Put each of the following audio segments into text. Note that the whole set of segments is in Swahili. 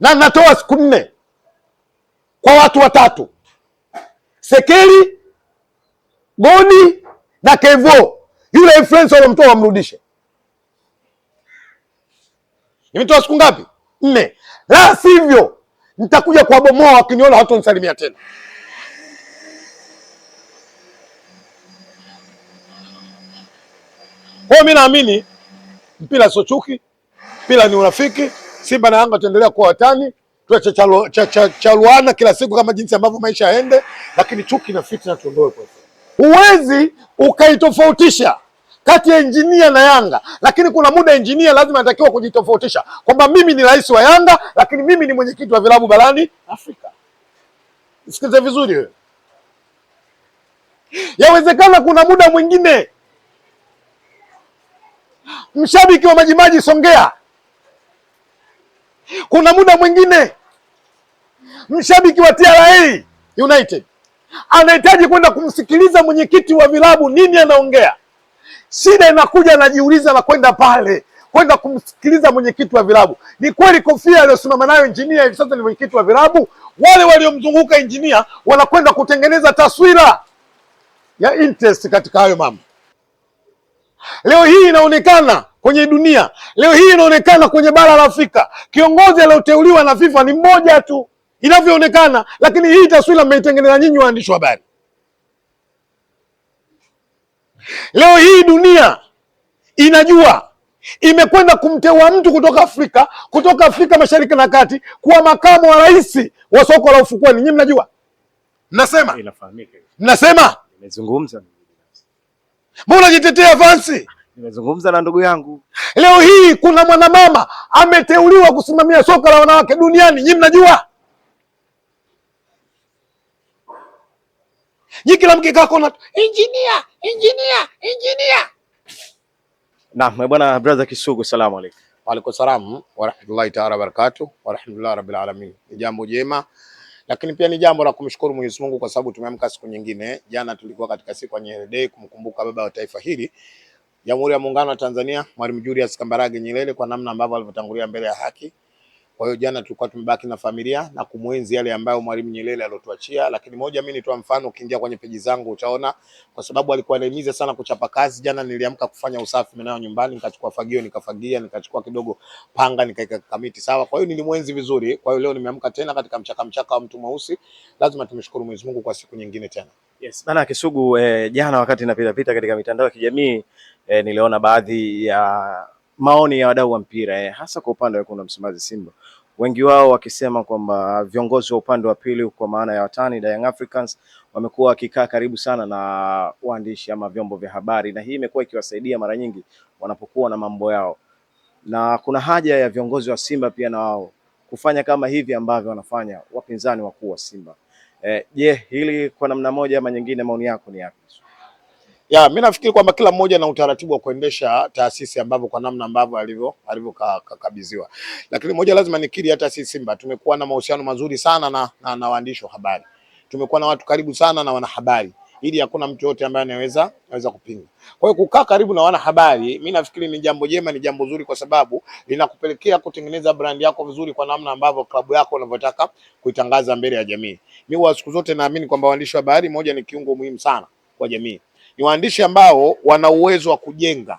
na natoa siku nne kwa watu watatu, Sekeli, Goni na Kevo. Yule influencer alomtoa wamrudishe. Nimetoa siku ngapi? Nne. La sivyo nitakuja kuwabomoa, wakiniona nisalimia tena. Kwa mi naamini mpira sio chuki, mpira ni urafiki. Simba na Yanga tuendelea kuwa watani, tuwe chachaluana cha, cha, kila siku kama jinsi ambavyo maisha yaende, lakini chuki na fitna tuondoe. Huwezi ukaitofautisha kati ya injinia na Yanga, lakini kuna muda injinia lazima anatakiwa kujitofautisha kwamba mimi ni rais wa Yanga, lakini mimi ni mwenyekiti wa vilabu barani Afrika. Sikize vizuri wewe, yawezekana kuna muda mwingine mshabiki wa Majimaji Songea kuna muda mwingine mshabiki wa TRA United anahitaji kwenda kumsikiliza mwenyekiti wa vilabu nini anaongea. Shida inakuja anajiuliza na kwenda pale kwenda kumsikiliza mwenyekiti wa vilabu. Ni kweli kofia aliyosimama nayo injinia hivi sasa ni mwenyekiti wa vilabu, wale waliomzunguka injinia wanakwenda kutengeneza taswira ya interest katika hayo mambo. Leo hii inaonekana kwenye dunia, leo hii inaonekana kwenye bara la Afrika, kiongozi aliyoteuliwa na FIFA ni mmoja tu inavyoonekana, lakini hii taswira mmeitengeneza nyinyi waandishi wa habari. Leo hii dunia inajua imekwenda kumteua mtu kutoka Afrika, kutoka Afrika Mashariki na Kati kuwa makamu wa rais wa soko la ufukweni. Nyinyi mnajua, mnasema, mnasema, nimezungumza Mbona jitetea Vansi? Nimezungumza na ndugu yangu. Leo hii kuna mwanamama ameteuliwa kusimamia soka la wanawake duniani, nyinyi mnajua? Nyinyi kila mkikako na engineer, engineer, engineer. Naam, bwana brother Kisugu, salamu alaykum. Wa alaykum wa rahmatullahi ta'ala wa barakatuh wa rahmatullahi rabbil alamin. Jambo jema lakini pia ni jambo la kumshukuru Mwenyezi Mungu kwa sababu tumeamka siku nyingine. Jana tulikuwa katika siku ya Nyerere Day kumkumbuka baba wa taifa hili Jamhuri ya Muungano wa Tanzania Mwalimu Julius Kambarage Nyerere kwa namna ambavyo alivyotangulia mbele ya haki kwa hiyo jana tulikuwa tumebaki na familia na kumwenzi yale ambayo Mwalimu Nyerere alotuachia, lakini moja, mimi nitoa mfano, ukiingia kwenye peji zangu utaona, kwa sababu alikuwa anahimiza sana kuchapa kazi. Jana niliamka kufanya usafi mimi nyumbani, nikachukua fagio nikafagia, nikachukua kidogo panga nikaika kamiti sawa. Kwa hiyo nilimwenzi vizuri. Kwa hiyo leo nimeamka tena katika mchaka mchaka wa mtu mweusi, lazima tumshukuru Mwenyezi Mungu kwa siku nyingine tena. Yes, bana Kisugu, eh, jana wakati napitapita katika mitandao ya kijamii eh, niliona baadhi ya maoni ya wadau wa mpira eh, hasa kwa upande wa kuna Msimbazi Simba, wengi wao wakisema kwamba viongozi wa upande wa pili kwa maana ya watani Young Africans wamekuwa wakikaa karibu sana na waandishi ama vyombo vya habari, na hii imekuwa ikiwasaidia mara nyingi wanapokuwa na mambo yao, na kuna haja ya viongozi wa Simba pia na wao kufanya kama hivi ambavyo wanafanya wapinzani wakuu wa Simba. Eh, je, eh, hili kwa namna moja ama nyingine, maoni yako ni yapi? ya mimi nafikiri kwamba kila mmoja na utaratibu wa kuendesha taasisi ambavyo kwa namna ambavyo alivyo alivyokabidhiwa, lakini moja lazima nikiri, hata sisi Simba tumekuwa na mahusiano mazuri sana na, na, na waandishi wa habari, tumekuwa na watu karibu sana na wanahabari ili hakuna mtu yote ambaye anaweza anaweza kupinga. Kwa hiyo kukaa karibu na wanahabari, mimi nafikiri ni jambo jema, ni jambo zuri, kwa sababu linakupelekea kutengeneza brand yako vizuri kwa namna ambavyo klabu yako unavyotaka kuitangaza mbele ya jamii. Mimi siku zote naamini kwamba waandishi wa habari, moja ni kiungo muhimu sana kwa jamii ni waandishi ambao wana uwezo wa kujenga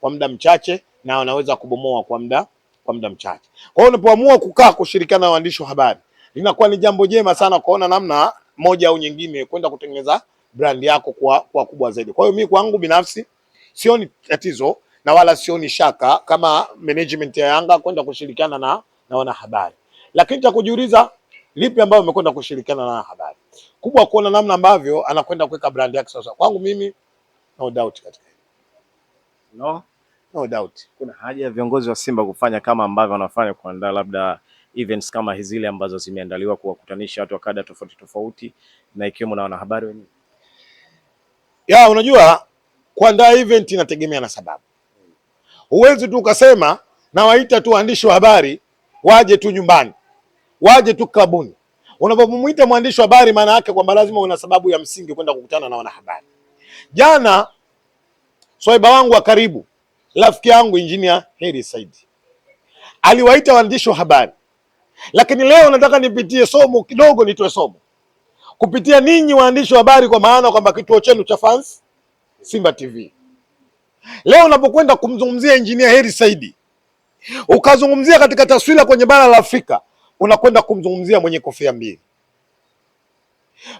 kwa muda mchache na wanaweza kubomoa kwa muda kwa muda mchache. Kwa hiyo unapoamua kukaa kushirikiana na waandishi wa habari, linakuwa ni jambo jema sana kuona namna moja au nyingine kwenda kutengeneza brand yako kwa, kwa kubwa zaidi. Kwa hiyo mimi kwangu binafsi sioni tatizo na wala sioni shaka kama management ya Yanga kwenda kushirikiana na, na wanahabari, lakini cha kujiuliza lipi ambayo umekwenda kushirikiana na wanahabari kubwa kuona namna ambavyo anakwenda kuweka brand yake. Sasa kwangu mimi no doubt katika hilo. No, no doubt. Kuna haja ya viongozi wa Simba kufanya kama ambavyo wanafanya kuandaa labda events kama hizi zile ambazo zimeandaliwa kuwakutanisha watu wa kada tofauti tofauti na ikiwemo na wanahabari wenyewe. Ya, unajua kuandaa event inategemea na sababu. Huwezi tu ukasema nawaita tu waandishi wa habari waje tu nyumbani, waje tu klabuni Unapomwita mwandishi wa habari, maana yake kwamba lazima una sababu ya msingi kwenda kukutana na wanahabari. Jana swaiba wangu wa karibu, rafiki yangu Engineer Heri Said aliwaita waandishi wa habari, lakini leo nataka nipitie somo kidogo, nitoe somo kupitia ninyi waandishi wa habari, kwa maana kwamba kituo chenu cha fans Simba TV. Leo unapokwenda kumzungumzia Engineer Heri Said ukazungumzia katika taswira kwenye bara la Afrika unakwenda kumzungumzia mwenye kofia mbili.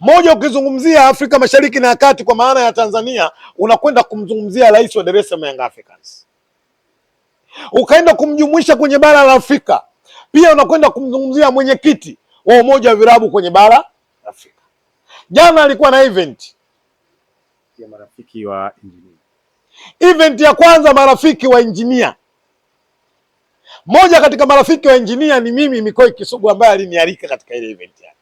Moja, ukizungumzia Afrika Mashariki na Kati kwa maana ya Tanzania, unakwenda kumzungumzia rais wa Dar es Salaam Young Africans. Ukaenda kumjumuisha kwenye bara la Afrika, pia unakwenda kumzungumzia mwenyekiti wa umoja wa virabu kwenye bara la Afrika. Jana alikuwa na event ya marafiki wa engineer. Event ya kwanza marafiki wa engineer moja katika marafiki wa engineer ni mimi Mikoi Kisugu, ambaye alinialika katika ile event yake.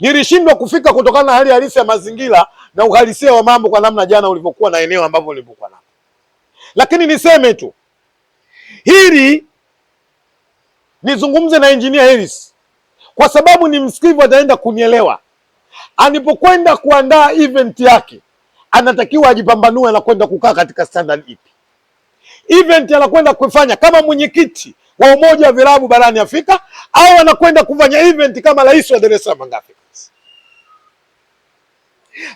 Nilishindwa kufika kutokana na hali halisi ya mazingira na uhalisia wa mambo kwa namna jana ulivyokuwa na eneo ambavyo ulivyokuwa nalo, lakini niseme tu hili, nizungumze na engineer Harris kwa sababu ni msikivu, ataenda kunielewa. Anipokwenda kuandaa event yake, anatakiwa ajipambanue na kwenda kukaa katika standard ipi event anakwenda kufanya kama mwenyekiti wa umoja wa vilabu barani Afrika au anakwenda kufanya event kama rais wa Dar es Salaam Africans.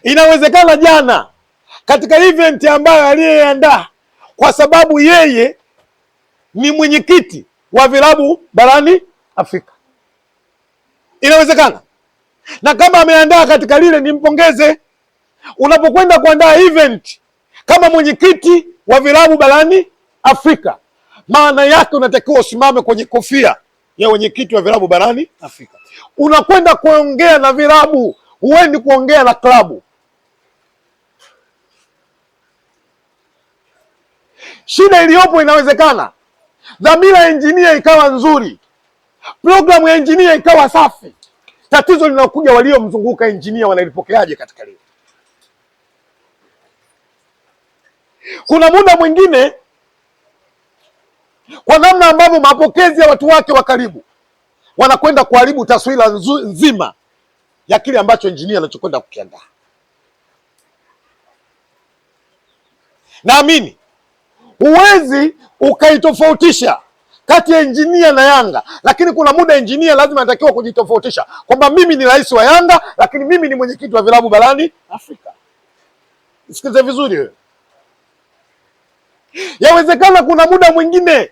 Inawezekana jana katika event ambayo aliyeandaa kwa sababu yeye ni mwenyekiti wa vilabu barani Afrika, inawezekana na kama ameandaa katika lile nimpongeze. Unapokwenda kuandaa event kama mwenyekiti wa vilabu barani Afrika. Maana yake unatakiwa usimame kwenye kofia ya wenyekiti wa vilabu barani Afrika. Unakwenda kuongea na vilabu, huendi kuongea na klabu. Shida iliyopo inawezekana dhamira ya injinia ikawa nzuri, programu ya injinia ikawa safi. Tatizo linakuja waliomzunguka injinia wanalipokeaje katika leo. Kuna muda mwingine kwa namna ambavyo mapokezi ya watu wake wa karibu wanakwenda kuharibu taswira nzima ya kile ambacho injinia anachokwenda kukiandaa. Naamini huwezi ukaitofautisha kati ya injinia na Yanga, lakini kuna muda injinia lazima anatakiwa kujitofautisha kwamba mimi ni rais wa Yanga, lakini mimi ni mwenyekiti wa vilabu barani Afrika. Sikize vizuri wewe, yawezekana kuna muda mwingine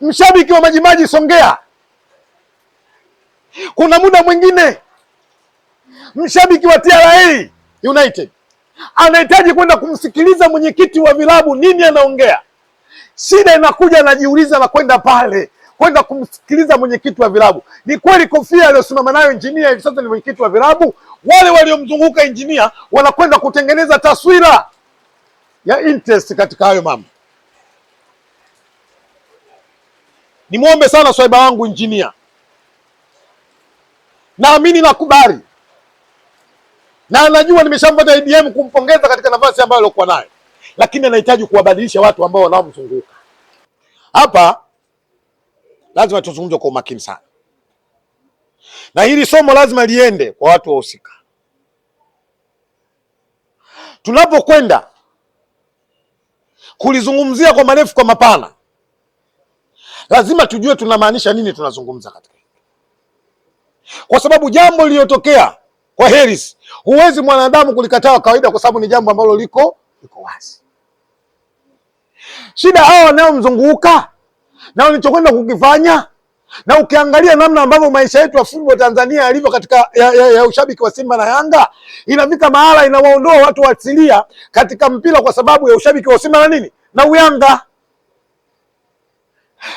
mshabiki wa Majimaji Songea. Kuna muda mwingine mshabiki wa TRA United anahitaji kwenda kumsikiliza mwenyekiti wa vilabu nini anaongea. Shida inakuja anajiuliza na kwenda pale kwenda kumsikiliza mwenyekiti wa vilabu. Ni kweli kofia aliyosimama nayo injinia hivi sasa ni mwenyekiti wa vilabu, wale waliomzunguka injinia wanakwenda kutengeneza taswira ya interest katika hayo mambo. Nimwombe sana swaiba wangu injinia, naamini nakubali na anajua nimeshampata IDM kumpongeza katika nafasi ambayo alikuwa nayo, lakini anahitaji kuwabadilisha watu ambao wanaomzunguka. Hapa lazima tuzungumze kwa umakini sana, na hili somo lazima liende kwa watu wahusika. Tunapokwenda kulizungumzia kwa marefu kwa mapana, lazima tujue tunamaanisha nini tunazungumza katika kwa sababu jambo liliyotokea kwa Heris huwezi mwanadamu kulikataa kawaida, kwa sababu ni jambo ambalo liko liko wazi. Shida hao wanaomzunguka na walichokwenda kukifanya, na ukiangalia namna ambavyo maisha yetu ya football Tanzania yalivyo katika ya, ya, ya ushabiki wa Simba na Yanga, inafika mahala inawaondoa watu asilia katika mpira kwa sababu ya ushabiki wa Simba na nini na Uyanga.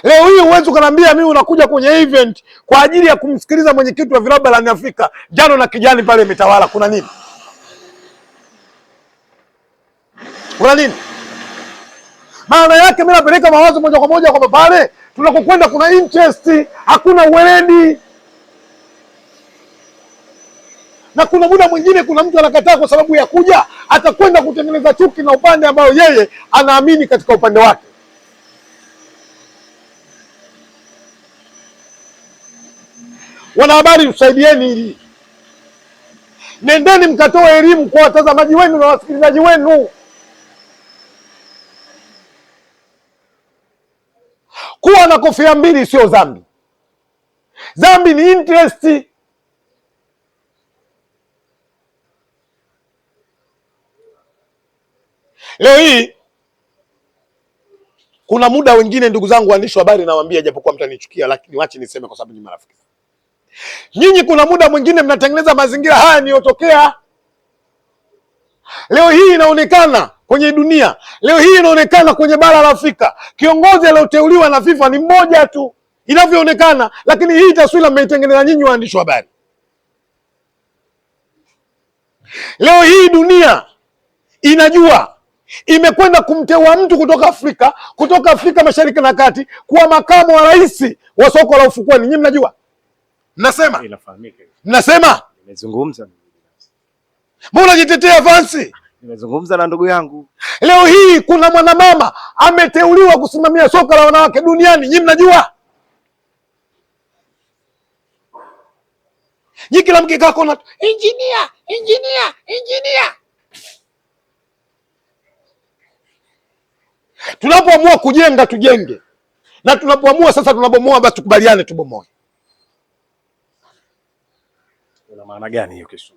Leo hii huwezi ukanambia mimi unakuja kwenye event kwa ajili ya kumsikiliza mwenyekiti wa vilabu barani Afrika. Jano na kijani pale imetawala, kuna nini? Kuna nini? Maana yake mimi napeleka mawazo moja kwa moja kwamba pale tunakokwenda kuna interest, hakuna uweledi. Na kuna muda mwingine kuna mtu anakataa kwa sababu ya kuja atakwenda kutengeneza chuki na upande ambao yeye anaamini katika upande wake. Wanahabari, msaidieni hili, nendeni mkatoe elimu kwa watazamaji wenu na wasikilizaji wenu. Kuwa na kofia mbili sio dhambi. Dhambi ni interest. Leo hii kuna muda wengine, ndugu zangu waandishi wa habari, nawaambia, japokuwa mtanichukia, lakini wache niseme kwa sababu ni marafiki Nyinyi kuna muda mwingine mnatengeneza mazingira haya yaniyotokea leo hii inaonekana kwenye dunia leo hii inaonekana kwenye bara la Afrika. Kiongozi aliyoteuliwa na FIFA ni mmoja tu inavyoonekana, lakini hii taswira mmeitengeneza nyinyi waandishi wa habari. Leo hii dunia inajua imekwenda kumteua mtu kutoka Afrika, kutoka Afrika Mashariki na Kati kuwa makamu wa rais wa soko la ufukweni. Nyinyi mnajua Mnasema mnasema, mbona unajitetea Vansi? Nimezungumza na ndugu yangu leo hii. Kuna mwanamama ameteuliwa kusimamia soka la wanawake duniani. Nyinyi mnajua Nyinyi kila mkikako na engineer, engineer, engineer. Tunapoamua kujenga tujenge, na tunapoamua sasa tunabomoa, basi tukubaliane tubomoe. ina maana gani hiyo kisu?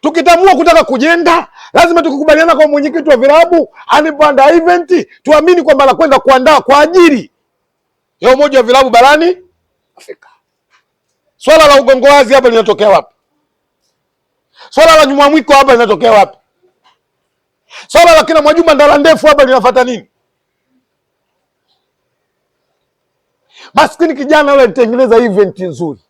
Tukitamua kutaka kujenga, lazima tukikubaliana kwa mwenyekiti wa vilabu anipanda event, tuamini kwamba anakwenda kuandaa kwa ajili ya umoja wa vilabu barani Afrika. Swala la ugongo wazi hapa linatokea wapi? Swala la nyuma mwiko hapa linatokea wapi? Swala la kina Mwajuma ndala ndefu hapa linafuata nini? Maskini kijana yule alitengeneza event nzuri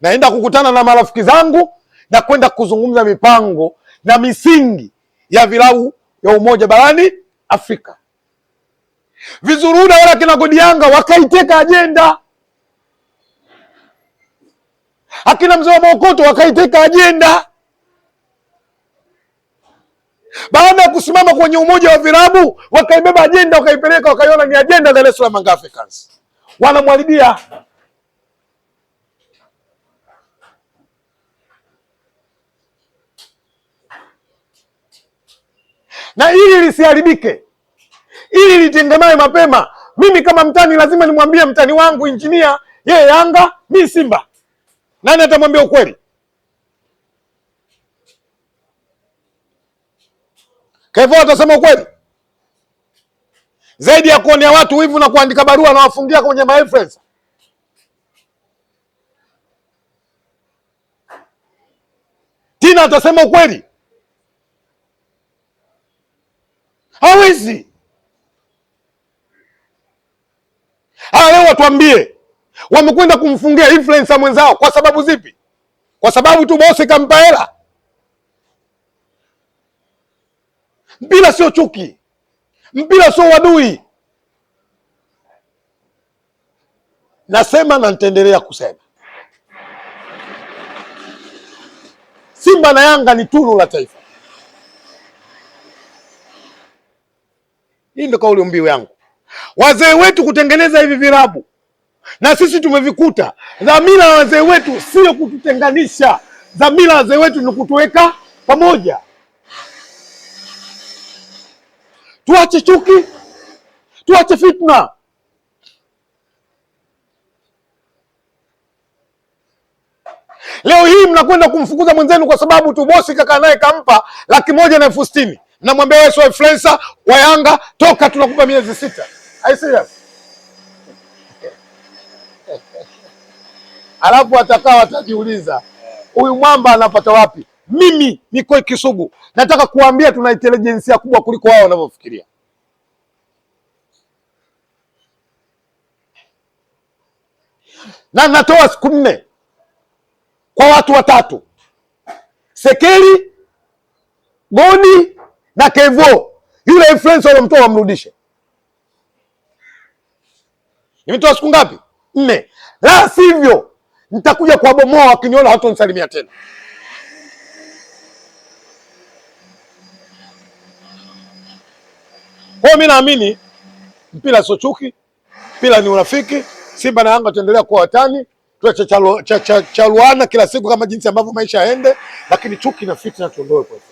naenda kukutana na marafiki zangu na kwenda kuzungumza mipango na misingi ya vilabu ya umoja barani Afrika. Vizuruda wala kina Godianga wakaiteka ajenda, akina mzee wa Maokoto wakaiteka ajenda. Baada ya kusimama kwenye umoja wa vilabu, wakaibeba ajenda, wakaipeleka, wakaiona ni ajenda Dar es Salaam Africans, na ili lisiharibike, ili litengemae mapema, mimi kama mtani lazima nimwambie mtani wangu injinia, yeye Yanga, mi Simba. Nani atamwambia ukweli? Kevo atasema ukweli zaidi ya kuonea watu wivu na kuandika barua na wafungia kwenye ma Tina atasema ukweli hawezi. Haya, leo watuambie, wamekwenda kumfungia influencer mwenzao kwa sababu zipi? Kwa sababu tu bosi kampa hela? Mpira sio chuki, mpira sio wadui. Nasema na nitaendelea kusema, Simba na Yanga ni tunu la taifa. Hii ndio kauli mbiu yangu. Wazee wetu kutengeneza hivi vilabu na sisi tumevikuta. Dhamira ya wazee wetu sio kututenganisha, dhamira ya wazee wetu ni kutuweka pamoja. Tuache chuki, tuache fitna. Leo hii mnakwenda kumfukuza mwenzenu kwa sababu tu bosi kakaa naye kampa laki moja na elfu sitini namwambia wewe sio influencer wa Yanga, toka, tunakupa miezi sita. Are serious? Alafu watakaa watajiuliza, huyu mwamba anapata wapi? Mimi niko Kisugu, nataka kuambia tuna intelijensia kubwa kuliko wao wanavyofikiria. na natoa siku nne kwa watu watatu: Sekeli, Godi na Kevo yule influencer alomtoa wamrudishe. Imetoa siku ngapi? Nne. La sivyo nitakuja kuwabomoa, wakiniona hatonisalimia tena. Kwa mimi naamini mpira sio chuki, mpira ni urafiki. Simba na Yanga tuendelea kuwa watani, tuachachaluana kila siku kama jinsi ambavyo maisha yaende, lakini chuki na fitna tuondoe kwa